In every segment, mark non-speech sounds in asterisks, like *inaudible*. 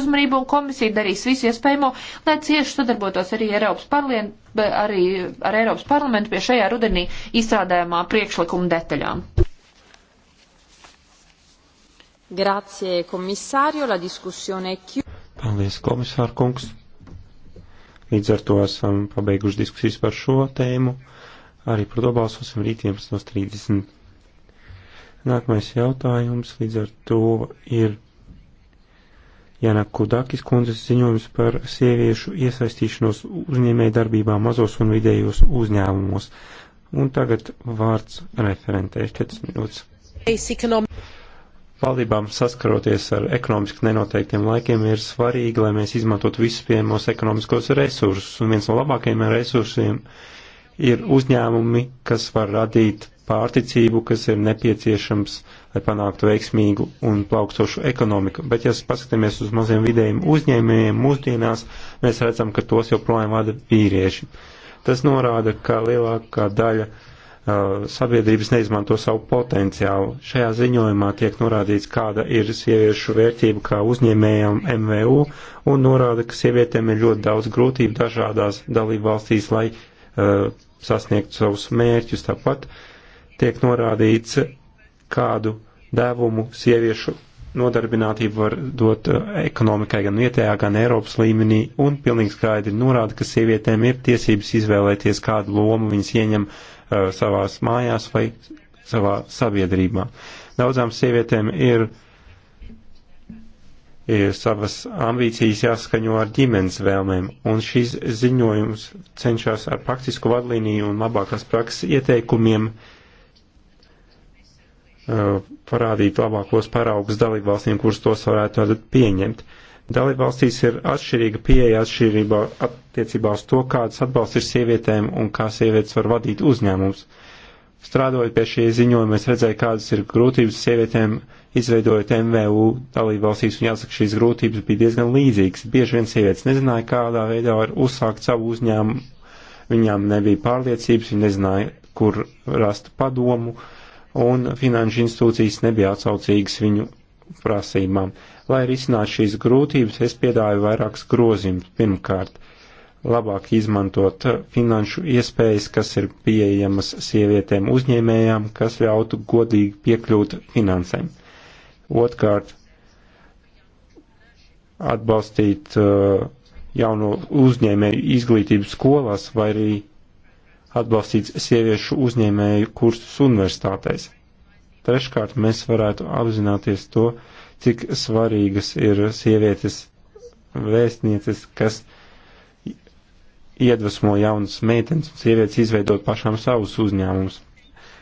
uzmanību, un komisija darīs visu iespējamo, lai cieši sadarbotos arī, Eiropas parlien, arī ar Eiropas parlamentu pie šajā rudenī izstrādājumā priekšlikuma detaļām. Grazie, komisārio, la diskusione ir chiusa. Paldies, komisār kungs. Līdz ar to esam pabeiguši diskusijas par šo tēmu. Arī par to balsosim rīt 11.30. Nākamais jautājums līdz ar to ir Jana Kudakis kundzes ziņojums par sieviešu iesaistīšanos uzņēmēju darbībā mazos un vidējos uzņēmumos. Un tagad vārds referentē 4 minūtes. Valdībām saskaroties ar ekonomiski nenoteiktiem laikiem ir svarīgi, lai mēs izmantotu visus pieejamos ekonomiskos resursus. Un viens no labākajiem resursiem ir ir uzņēmumi, kas var radīt pārticību, kas ir nepieciešams, lai panāktu veiksmīgu un plaukstošu ekonomiku. Bet, ja paskatāmies uz maziem vidējiem uzņēmējiem mūsdienās, mēs redzam, ka tos joprojām vada vīrieši. Tas norāda, ka lielākā daļa uh, sabiedrības neizmanto savu potenciālu. Šajā ziņojumā tiek norādīts, kāda ir sieviešu vērtība kā uzņēmējām MVU, un norāda, ka sievietēm ir ļoti daudz grūtību dažādās dalību valstīs, lai uh, sasniegt savus mērķus. Tāpat tiek norādīts, kādu devumu sieviešu nodarbinātība var dot uh, ekonomikai gan vietējā, gan Eiropas līmenī, un pilnīgi skaidri norāda, ka sievietēm ir tiesības izvēlēties, kādu lomu viņas ieņem uh, savās mājās vai savā sabiedrībā. Daudzām sievietēm ir uh, ir savas ambīcijas jāskaņo ar ģimenes vēlmēm, un šis ziņojums cenšas ar praktisku vadlīniju un labākās prakses ieteikumiem uh, parādīt labākos paraugus dalībvalstīm, kuras tos varētu tad pieņemt. Dalībvalstīs ir atšķirīga pieeja atšķirībā attiecībā uz to, kādas atbalsts ir sievietēm un kā sievietes var vadīt uzņēmums. Uh, Strādājot pie šī ziņojuma, es redzēju, kādas ir grūtības sievietēm izveidojot MVU dalībvalstīs, un jāsaka, šīs grūtības bija diezgan līdzīgas. Bieži vien sievietes nezināja, kādā veidā var uzsākt savu uzņēmumu, viņām nebija pārliecības, viņi nezināja, kur rast padomu, un finanšu institūcijas nebija atsaucīgas viņu prasībām. Lai risinātu šīs grūtības, es piedāju vairākas grozījumus. Pirmkārt, labāk izmantot finanšu iespējas, kas ir pieejamas sievietēm uzņēmējām, kas ļautu godīgi piekļūt finansēm. Otkārt, atbalstīt uh, jauno uzņēmēju izglītību skolās vai arī atbalstīt sieviešu uzņēmēju kursus universitātēs. Treškārt, mēs varētu apzināties to, cik svarīgas ir sievietes vēstnieces, kas uh, iedvesmo jaunas meitenes un sievietes izveidot pašām savus uzņēmumus.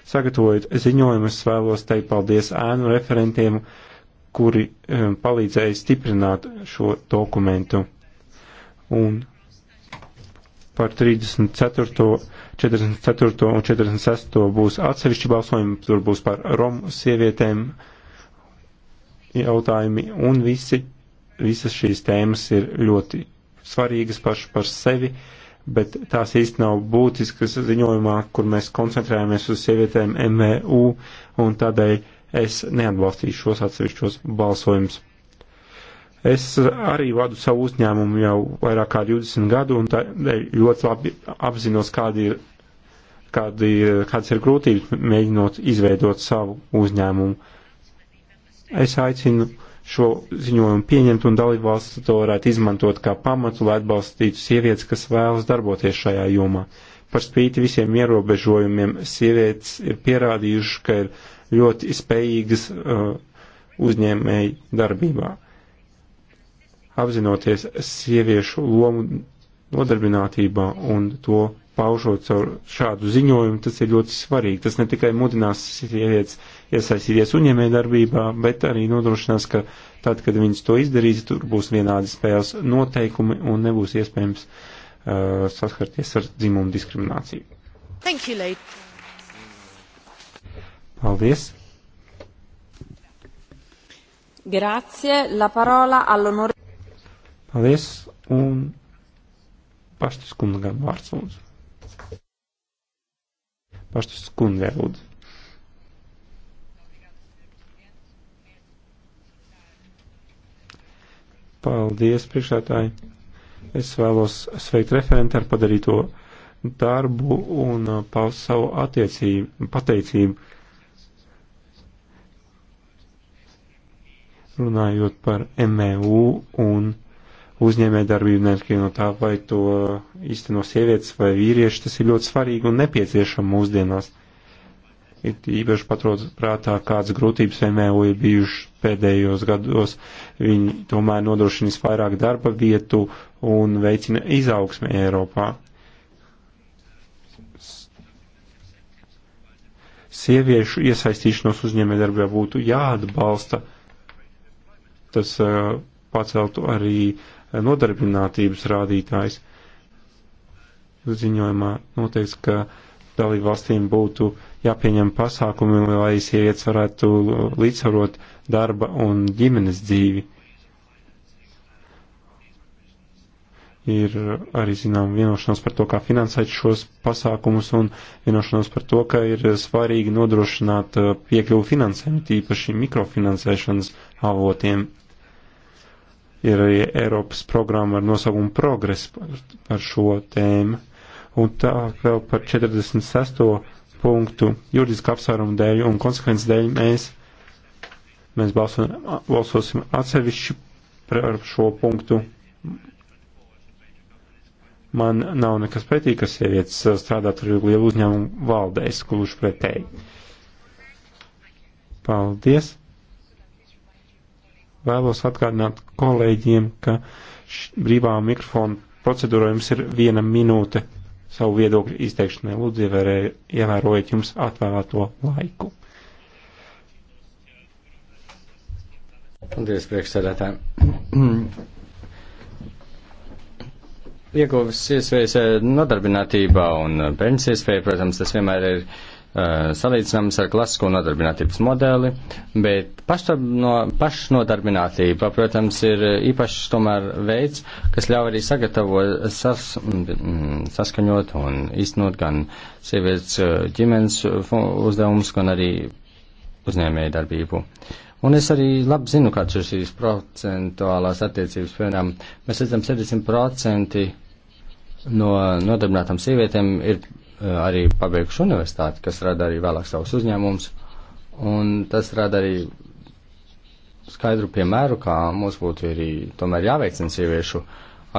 Sagatavojot ziņojumus, vēlos teikt paldies ēnu referentiem, kuri um, palīdzēja stiprināt šo dokumentu. Un par 34., 44. un 46. būs atsevišķi balsojumi, tur būs par romu sievietēm jautājumi, un visi, visas šīs tēmas ir ļoti svarīgas paši par sevi. Uh, bet tās īsti nav būtiskas ziņojumā, kur mēs koncentrējamies uz sievietēm MVU, un tādēļ es neatbalstīšu šos atsevišķos balsojumus. Es arī vadu savu uzņēmumu jau vairāk kā 20 gadu, un tādēļ ļoti labi apzinos, kādi ir, kādi, kādas ir grūtības mēģinot izveidot savu uzņēmumu. Es aicinu šo ziņojumu pieņemt un dalībvalsts to varētu izmantot kā pamatu, lai atbalstītu sievietes, kas vēlas darboties šajā jomā. Par spīti visiem ierobežojumiem sievietes ir pierādījušas, ka ir ļoti spējīgas uh, uzņēmēji darbībā. Apzinoties sieviešu lomu nodarbinātībā un to paužot caur šādu ziņojumu, tas ir ļoti svarīgi. Tas ne tikai mudinās sievietes iesaistīties uzņēmē darbībā, bet arī nodrošinās, ka tad, kad viņas to izdarīs, tur būs vienādi spēles noteikumi un nebūs iespējams uh, saskarties ar dzimumu diskrimināciju. Thank you, Leid. Paldies. Grazie, la parola all'onore. Paldies un paštas kungam vārds lūdzu. Paštas kundze, lūdzu. Paldies, priekšētāji. Es vēlos sveikt referentu ar padarīto darbu un uh, paust savu attiecību, pateicību. Runājot par MEU un uzņēmē darbību, neatkarīgi no tā, vai to īsteno sievietes vai vīrieši, tas ir ļoti svarīgi un nepieciešama mūsdienās. Ir īpaši patrot prātā, kādas grūtības MVU e ir bijušas pēdējos gados. Viņi tomēr nodrošinās vairāk darba vietu un veicina izaugsmi Eiropā. Sieviešu iesaistīšanos uzņēmē darbībā būtu jāatbalsta. Tas uh, paceltu arī uh, nodarbinātības rādītājs. Ziņojumā noteikts, ka dalību valstīm būtu jāpieņem pasākumi, lai sievietes varētu līdzsvarot darba un ģimenes dzīvi. ir arī zinām vienošanās par to, kā finansēt šos pasākumus un vienošanās par to, ka ir svarīgi nodrošināt uh, piekļuvu finansējumu, tīpaši mikrofinansēšanas avotiem ir arī Eiropas programma ar nosaukumu Progress par, par šo tēmu. Un tā vēl par 46. punktu juridiska apsvērumu dēļ un konsekvences dēļ mēs, mēs balso, balsosim atsevišķi par šo punktu. Man nav nekas pretī, ka sievietes strādā tur lielu uzņēmumu valdēs, kluši pretēji. Paldies! vēlos atgādināt kolēģiem, ka brīvā mikrofona procedūrā jums ir viena minūte savu viedokļu izteikšanai. Lūdzu, ievērojiet jums atvēlēto laiku. Paldies, priekšsēdētāji. *clears throat* Ieguvis iespējas eh, nodarbinātībā un eh, pensijas iespēja, protams, tas vienmēr ir Eh, salīdzināms ar klasisko nodarbinātības modeli, bet no, pašnodarbinātība, protams, ir īpašs tomēr veids, kas ļauj arī sagatavot, sas, mm, saskaņot un iznot gan sievietes eh, ģimenes uzdevumus, gan arī uzņēmēju darbību. Un es arī labi zinu, kāds ir šīs procentuālās attiecības, piemēram, mēs redzam 70% no nodarbinātām sievietēm ir Eh, arī pabeiguši universitāti, kas rada arī vēlāk savus uzņēmumus, un tas rada arī skaidru piemēru, kā mums būtu arī tomēr jāveicina sieviešu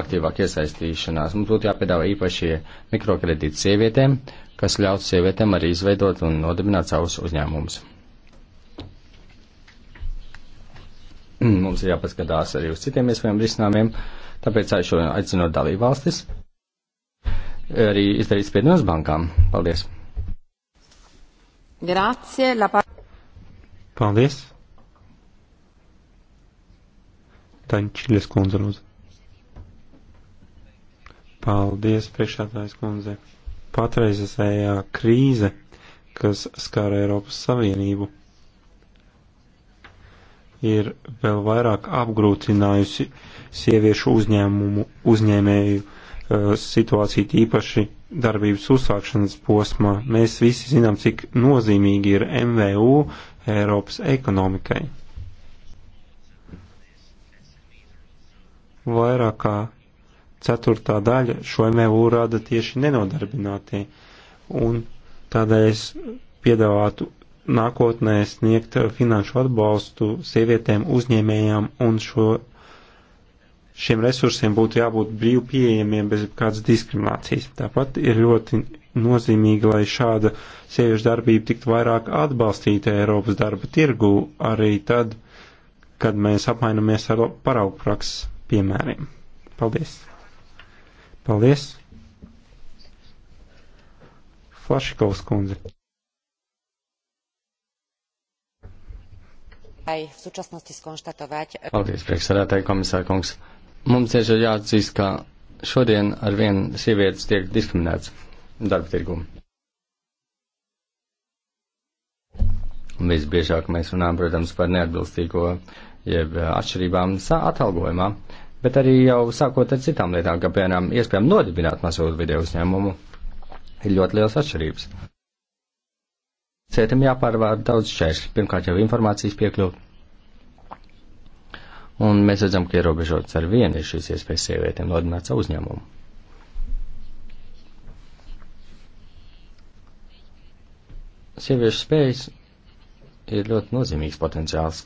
aktīvāk iesaistīšanās. Mums būtu jāpiedāvā īpašie mikrokredīti sievietēm, kas ļautu sievietēm arī izveidot un nodibināt savus uzņēmumus. Mm, mums ir jāpaskatās arī uz citiem iespējamiem risinājumiem, tāpēc aicinu dalībvalstis arī izdarīt spiedienu uz bankām. Paldies! Grazie, la par... Paldies! Taņķiļas kundze lūdzu. Paldies, priekšētājs kundze. Patreizesējā krīze, kas skar Eiropas Savienību, ir vēl vairāk apgrūtinājusi sieviešu uzņēmumu uzņēmēju Eh, situāciju tīpaši darbības uzsākšanas posmā. Mēs visi zinām, cik nozīmīgi ir MVU Eiropas ekonomikai. Vairāk kā ceturtā daļa šo MVU rada tieši nenodarbinātie, un tādēļ es piedāvātu nākotnē sniegt finanšu atbalstu sievietēm uzņēmējām un šo šiem resursiem būtu jābūt brīvi pieejamiem bez kādas diskriminācijas. Tāpat ir ļoti nozīmīgi, lai šāda sieviešu darbība tiktu vairāk atbalstīta Eiropas darba tirgu arī tad, kad mēs apmainamies ar paraugu prakses piemēriem. Paldies! Paldies! Flašikovs kundze. Paldies, priekšsēdētāji komisāra kungs. Mums ir jāatzīst, ka šodien ar vienu sievietes tiek diskriminēts darba tirgū. Visbiežāk mēs runājam, protams, par neatbilstīgo jeb eh, atšķirībām atalgojumā, bet arī jau sākot ar citām lietām, kā piemēram iespējām nodibināt mazo video uzņēmumu, ir ļoti liels atšķirības. Cietam jāpārvar daudz šķēršļi, pirmkārt jau informācijas piekļuvi Un mēs redzam, ka ierobežotas ar vienu ir šīs iespējas sievietēm nodināt savu uzņēmumu. Sieviešu spējas ir ļoti nozīmīgs potenciāls.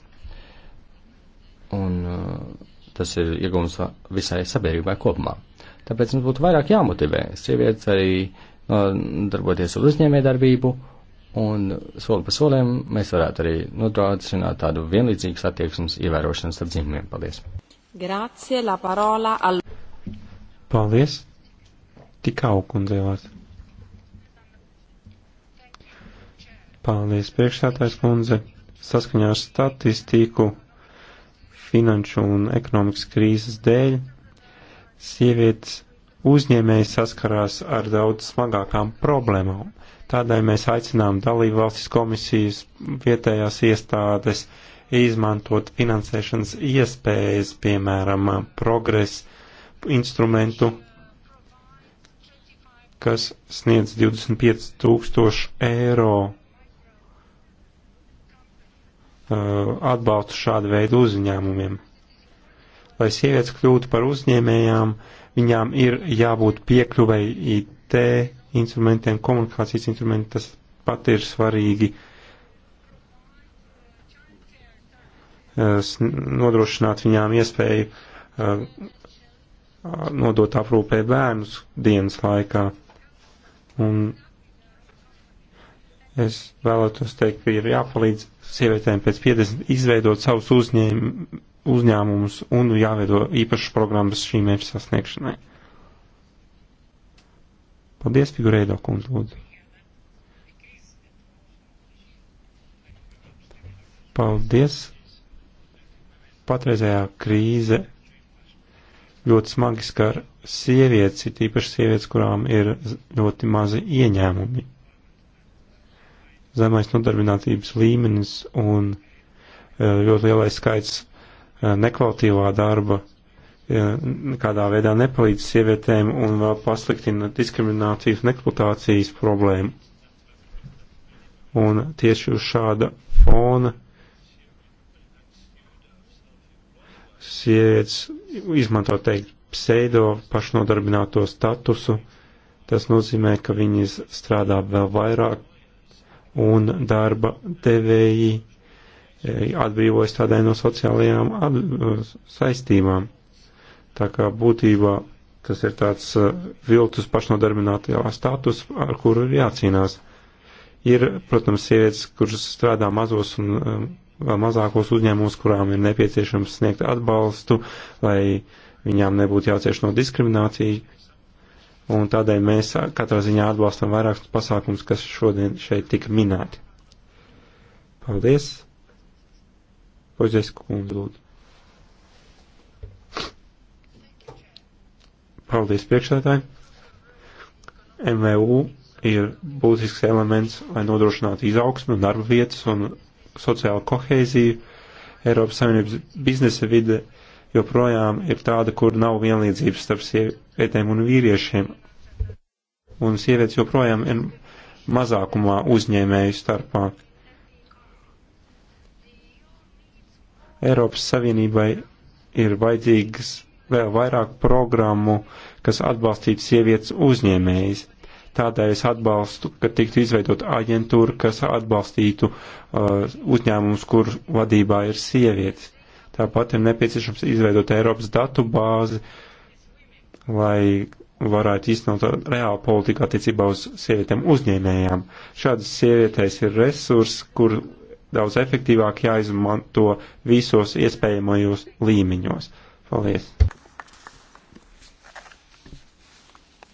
Un uh, tas ir iegūms visai sabiedrībai kopumā. Tāpēc mums būtu vairāk jāmotivē sievietes arī uh, darboties ar uzņēmē darbību Un soli pa solim mēs varētu arī nodrošināt tādu vienlīdzīgas attieksmes ievērošanu starp dzimumiem. Paldies! Grazie, la parola al... Paldies! Tikau kundzei vārds. Paldies, priekšsētājs kundze. Saskaņā ar statistiku, finanšu un ekonomikas krīzes dēļ sievietes uzņēmēji saskarās ar daudz smagākām problēmām. Tādēļ mēs aicinām dalību valstis komisijas vietējās iestādes izmantot finansēšanas iespējas, piemēram, progres instrumentu, kas sniedz 25 tūkstošu eiro uh, atbalstu šādu veidu uzņēmumiem. Lai sievietes kļūtu par uzņēmējām, uh, Viņām ir jābūt piekļuvei IT instrumentiem, komunikācijas instrumentiem, tas pat ir svarīgi nodrošināt viņām iespēju eh, nodot aprūpē bērnus dienas laikā. Un Es vēlētos teikt, ka ir jāpalīdz sievietēm pēc 50 izveidot savus uzņēm, uzņēmumus un jāveido īpašas programmas šī mērķa sasniegšanai. Paldies, Figureido kundze, lūdzu. Paldies. Patreizējā krīze ļoti smagi skar sievietes, it īpaši sievietes, kurām ir ļoti mazi ieņēmumi zemais nodarbinātības līmenis un e, ļoti lielais skaits e, nekvalitīvā darba e, nekādā veidā nepalīdz sievietēm un vēl pasliktina diskriminācijas un eksploatācijas problēmu. Un tieši uz šāda fona sievietes izmanto teikt pseido pašnodarbināto statusu. Tas nozīmē, ka viņas strādā vēl vairāk un darba devēji e, atbrīvojas tādai no sociālajām e, saistībām. Tā kā būtībā tas ir tāds e, viltus pašnodarbinātajā status, ar kuru ir jācīnās. Ir, protams, sievietes, kuras strādā mazos un vēl mazākos uzņēmumus, kurām ir nepieciešams sniegt atbalstu, lai viņām nebūtu jācieš no diskriminācijas, un tādēļ mēs katrā ziņā atbalstam vairākus pasākums, kas šodien šeit tika minēti. Paldies! Poģies kundze, lūdzu. Paldies priekšētāji! MVU ir būtisks elements, lai nodrošinātu izaugsmu, darba vietas un sociālu kohēziju. Eiropas Savienības biznesa vide joprojām ir tāda, kur nav vienlīdzības starp sievietēm un vīriešiem. Un sievietes joprojām ir mazākumā uzņēmēju starpā. Eiropas Savienībai ir vajadzīgas vēl vairāk programmu, kas atbalstītu sievietes uzņēmējas. Tādēļ es atbalstu, ka tiktu izveidot aģentūra, kas atbalstītu uh, uzņēmumus, kur vadībā ir sievietes. Tāpat ir nepieciešams izveidot Eiropas datu bāzi, lai varētu īstenot reālu politiku attiecībā uz sievietēm uzņēmējām. Šādas sievietēs ir resurs, kur daudz efektīvāk jāizmanto visos iespējamajos līmeņos. Paldies!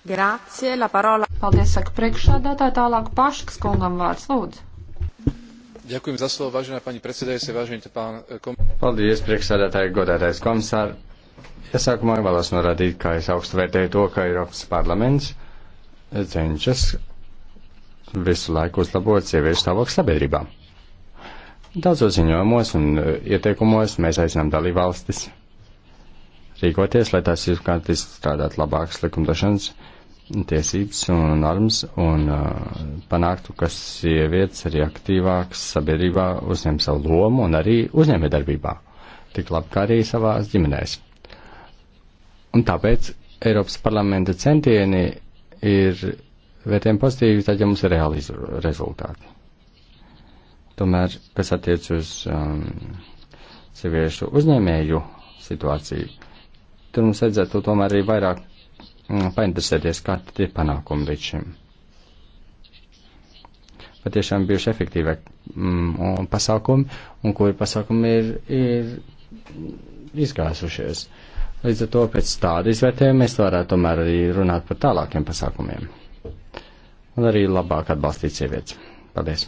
Grācie, la parola. Paldies, saka priekšsādātāja, tālāk paškas kungam vārds lūdzu. Eh, Paldies, priekšsēdētāji, godātais komisār. Iesākumā ja vēlos norādīt, kā es augstu vērtēju to, ka Eiropas parlaments cenšas visu laiku uzlabot sieviešu stāvokli sabiedrībā. Daudzos ziņojumos un eh, ieteikumos mēs aicinām dalībvalstis rīkoties, lai tās ir kā tas strādāt labākas likumdošanas tiesības un normas un uh, panāktu, ka sievietes arī aktīvākas sabiedrībā uzņem savu lomu un arī uzņēmējdarbībā, tik labi kā arī savās ģimenēs. Un tāpēc Eiropas parlamenta centieni ir vērtējumi pozitīvi, tad, ja mums ir reāli rezultāti. Tomēr, kas attiec uz um, sieviešu uzņēmēju situāciju, tur mums vajadzētu tomēr arī vairāk Mm, painteresēties, kā tad ir panākumi līdz šim. Patiešām bijuši efektīvi mm, pasākumi, un kuri pasākumi ir, ir izgāzušies. Līdz ar to pēc tāda izvērtējuma mēs varētu tomēr arī runāt par tālākiem pasākumiem. Un arī labāk atbalstīt sievietes. Paldies!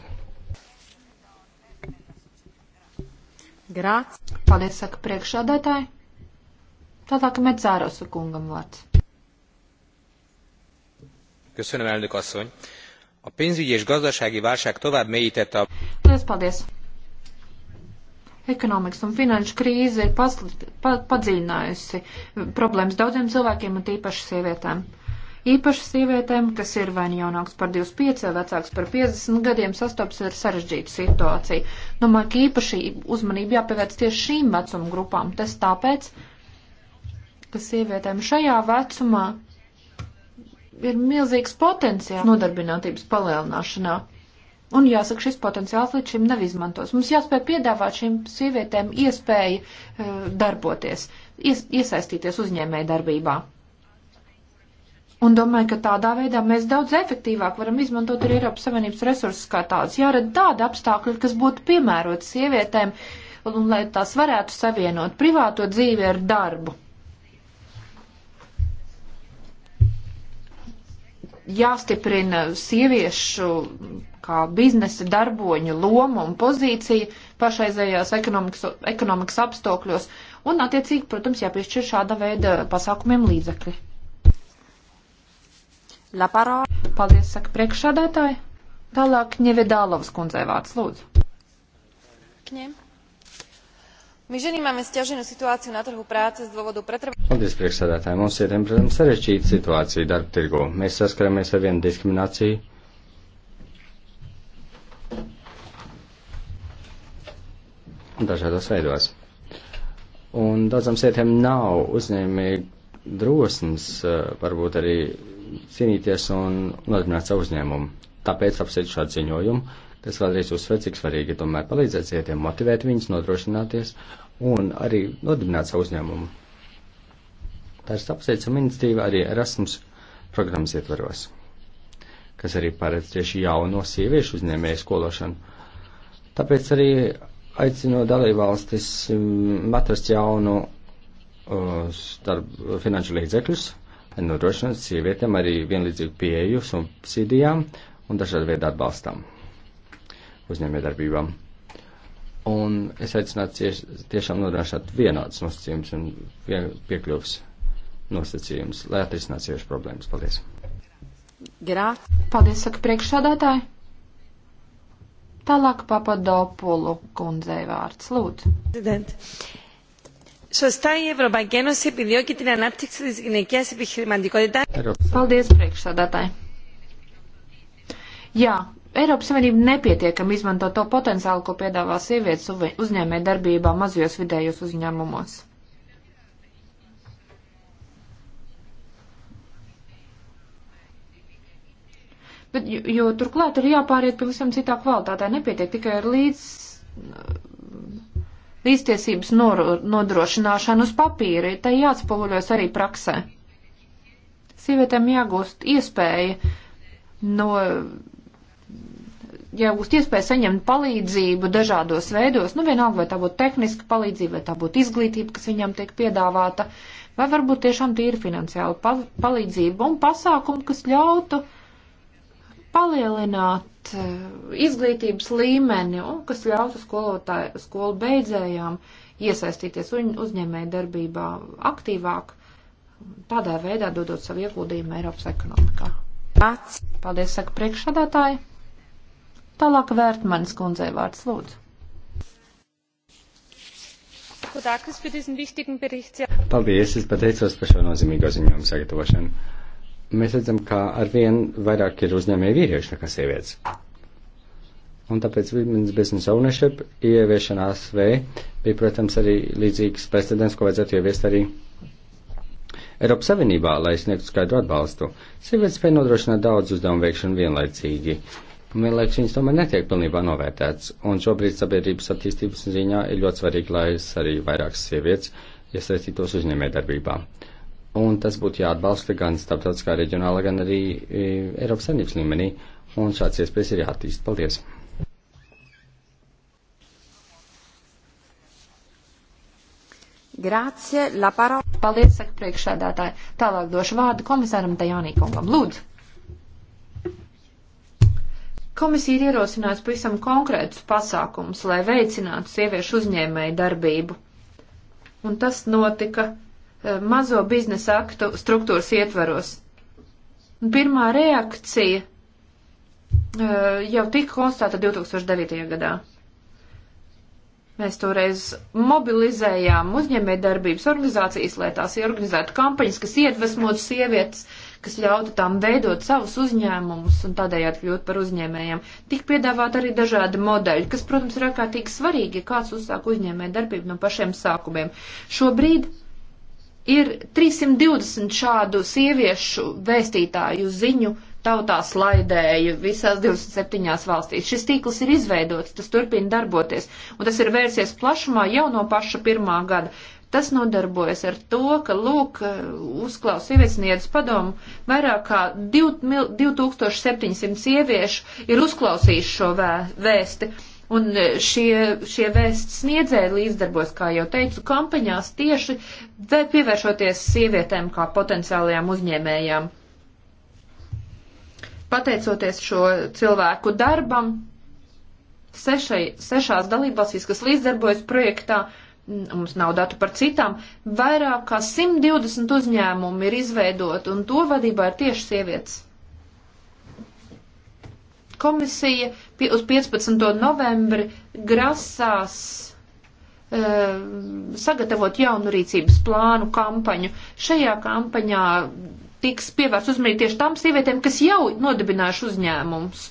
Grāts. Paldies, saka priekšādētāji. Tātā, ka Medzārosa kungam vārds a pénzügyi és gazdasági válság tovább mélytette a. Lielas paldies! Ekonomikas un finanšu krīze ir paslikt, pa, padziļinājusi problēmas daudziem cilvēkiem un tīpaši sievietēm. Īpaši sievietēm, kas ir vai nu jaunāks par 25 vai vecāks par 50 gadiem, sastopas ar sarežģītu situāciju. Domāju, ka īpaši uzmanību jāpievērc tieši šīm vecuma grupām. Tas tāpēc, ka sievietēm šajā vecumā ir milzīgs potenciāls nodarbinātības palielināšanā. Un jāsaka, šis potenciāls līdz šim nav izmantos. Mums jāspēj piedāvāt šīm sievietēm iespēju uh, darboties, ies, iesaistīties uzņēmēju darbībā. Un domāju, ka tādā veidā mēs daudz efektīvāk varam izmantot arī Eiropas Savienības resursus kā tādus. Jārada tāda apstākļa, kas būtu piemērota sievietēm, un lai tās varētu savienot privāto dzīvi ar darbu. jāstiprina sieviešu kā biznesa darboņu loma un pozīcija pašreizējās ekonomikas, ekonomikas apstākļos un, attiecīgi, protams, jāpiešķir šāda veida pasākumiem līdzekļi. Laparā. Paldies, saka priekšsādātāji. Tālāk Ņevedālovas kundzei vārds, lūdzu. Kņem. My ženy máme stiaženú situáciu na trhu práce z dôvodu pretrvania. Paldies, priekšsēdētāji. Mums ir, protams, sarežģīta situācija darba tirgu. Mēs saskaramies ar vienu diskrimināciju. Dažādos veidos. Un daudzām sievietēm nav uzņēmēji drosmes, eh, varbūt arī cīnīties un nodarbināt savu uzņēmumu. Tāpēc apsveicu šādu ziņojumu Tas vēlreiz uzsver, cik svarīgi tomēr palīdzēt sievietēm, motivēt viņas, nodrošināties un arī nodibināt savu uzņēmumu. Tā ir apsveicama iniciatīva arī Erasmus programmas ietvaros, kas arī paredz tieši jauno sieviešu uzņēmēju skološanu. Tāpēc arī aicinu dalībvalstis mm, atrast jaunu uh, starp, finanšu līdzekļus, nodrošināt sievietēm arī vienlīdzīgu pieeju subsīdijām un dažādu veidu atbalstam uzņēmējdarbībām. Un es aicinātu cieš, tiešām nodrošināt vienādas nosacījumus un piekļuvas nosacījumus, lai atrisinātu sieviešu problēmas. Paldies! Grā. Paldies, saka priekšsādātāji. Tālāk Papadopulu kundzei vārds. Lūdzu. President. Σωστά η Ευρωπαϊκή Ένωση επιδιώκει την ανάπτυξη της γυναικείας επιχειρηματικότητας. Paldies, priekšsādātāji. Jā, Eiropas Savienība nepietiekami izmanto to potenciālu, ko piedāvā sievietes uzņēmē darbībā mazajos vidējos uzņēmumos. Bet, jo, jo turklāt ir jāpāriet pavisam citā kvalitātē. Nepietiek tikai ar līdz, līdztiesības nor, nodrošināšanu uz papīra, tai jāatspoguļojas arī praksē. Sievietēm jāgūst iespēja no ja būs iespēja saņemt palīdzību dažādos veidos, nu vienalga, vai tā būtu tehniska palīdzība, vai tā būtu izglītība, kas viņam tiek piedāvāta, vai varbūt tiešām tīri finansiāla palīdzība un pasākumu, kas ļautu palielināt eh, izglītības līmeni un kas ļautu skolotāju, skolu beidzējām iesaistīties uzņēmē darbībā aktīvāk, tādā veidā dodot savu ieguldījumu Eiropas ekonomikā. Pats. Paldies, saka priekšsādātāji. Tālāk vērt manis kundzei vārds lūdzu. Paldies, es pateicos par šo nozīmīgo ziņojumu sagatavošanu. Mēs redzam, ka arvien vairāk ir uzņēmēji vīrieši nekā sievietes. Un tāpēc Women's Business Ownership ieviešanā ASV bija, protams, arī līdzīgs precedents, ko vajadzētu ieviest arī Eiropas Savienībā, lai sniegtu skaidru atbalstu. Sievietes spēja nodrošināt daudz uzdevumu veikšanu vienlaicīgi. Uh, Man liekas, viņas tomēr netiek pilnībā novērtēts. Un šobrīd sabiedrības attīstības ziņā ir ļoti svarīgi, lai es arī vairākas sievietes iesaistītos uzņēmējdarbībā. Un tas būtu jāatbalsta gan starptautiskā, reģionāla, gan arī e, Eiropas saimnības līmenī. Un šāds iespējas ir jāattīst. Paldies! Grācie, la parola. Paldies, saka priekšsēdētāji. Tālāk došu vārdu komisāram Tajānīkungam. Lūdzu! Komisija ir ierosinājusi pavisam konkrētus pasākumus, lai veicinātu sieviešu uzņēmēju darbību. Un tas notika eh, mazo biznesa aktu struktūras ietvaros. Un pirmā reakcija eh, jau tika konstatēta 2009. gadā. Mēs toreiz mobilizējām uzņēmējdarbības organizācijas, lai tās organizētu kampaņas, kas iedvesmotu sievietes, uh, kas ļautu tām veidot savus uzņēmumus un tādējādi kļūt par uzņēmējiem. Tik piedāvāt arī dažādi modeļi, kas, protams, ir ārkārtīgi svarīgi, ja kāds uzsāk uzņēmē darbību no pašiem sākumiem. Šobrīd ir 320 šādu sieviešu vēstītāju ziņu tautā slaidēju visās 27 valstīs. Šis tīkls ir izveidots, tas turpina darboties, un tas ir vērsies plašumā jau no paša pirmā gada. Tas nodarbojas ar to, ka, lūk, uzklaus sievietes niedz padomu, vairāk kā 2700 sieviešu ir uzklausījuši šo vē, vēsti. Un e, šie, šie vēsts sniedzēji līdzdarbos, kā jau teicu, kampaņās tieši pievēršoties sievietēm kā potenciālajām uzņēmējām. Pateicoties šo cilvēku darbam, sešai, sešās dalībvalstīs, kas līdzdarbojas projektā, uh, mums nav datu par citām, vairāk kā 120 uzņēmumu ir izveidot, un to vadībā ir tieši sievietes. Komisija uz 15. novembri grasās e, sagatavot jaunu rīcības plānu kampaņu. Šajā kampaņā tiks pievērst uzmanību tieši tām sievietēm, kas jau nodibinājuši uzņēmumus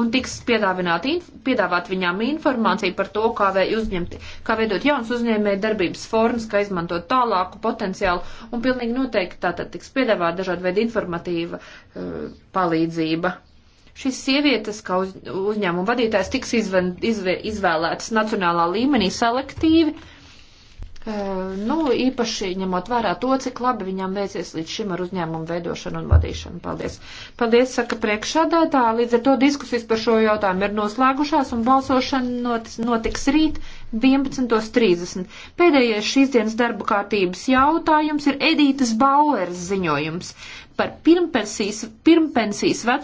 un tiks piedāvāt viņām informāciju par to, kā, uzņemt, kā veidot jaunas uzņēmēja darbības formas, kā izmantot tālāku potenciālu, un pilnīgi noteikti tātad tiks piedāvāt dažāda veida informatīva uh, palīdzība. Šīs sievietes, kā uz, uzņēmuma vadītājs, tiks izven, izvē, izvēlētas nacionālā līmenī selektīvi, uh, nu, īpaši ņemot vērā to, cik labi viņām veicies līdz šim ar uzņēmumu veidošanu un vadīšanu. Paldies. Paldies, saka priekšādātā. Līdz ar to diskusijas par šo jautājumu ir noslēgušās un balsošana notiks rīt 11.30. Pēdējais šīs dienas darba kārtības jautājums ir Edītas Bauers ziņojums par pirmpensijas, pirmpensijas vecumu.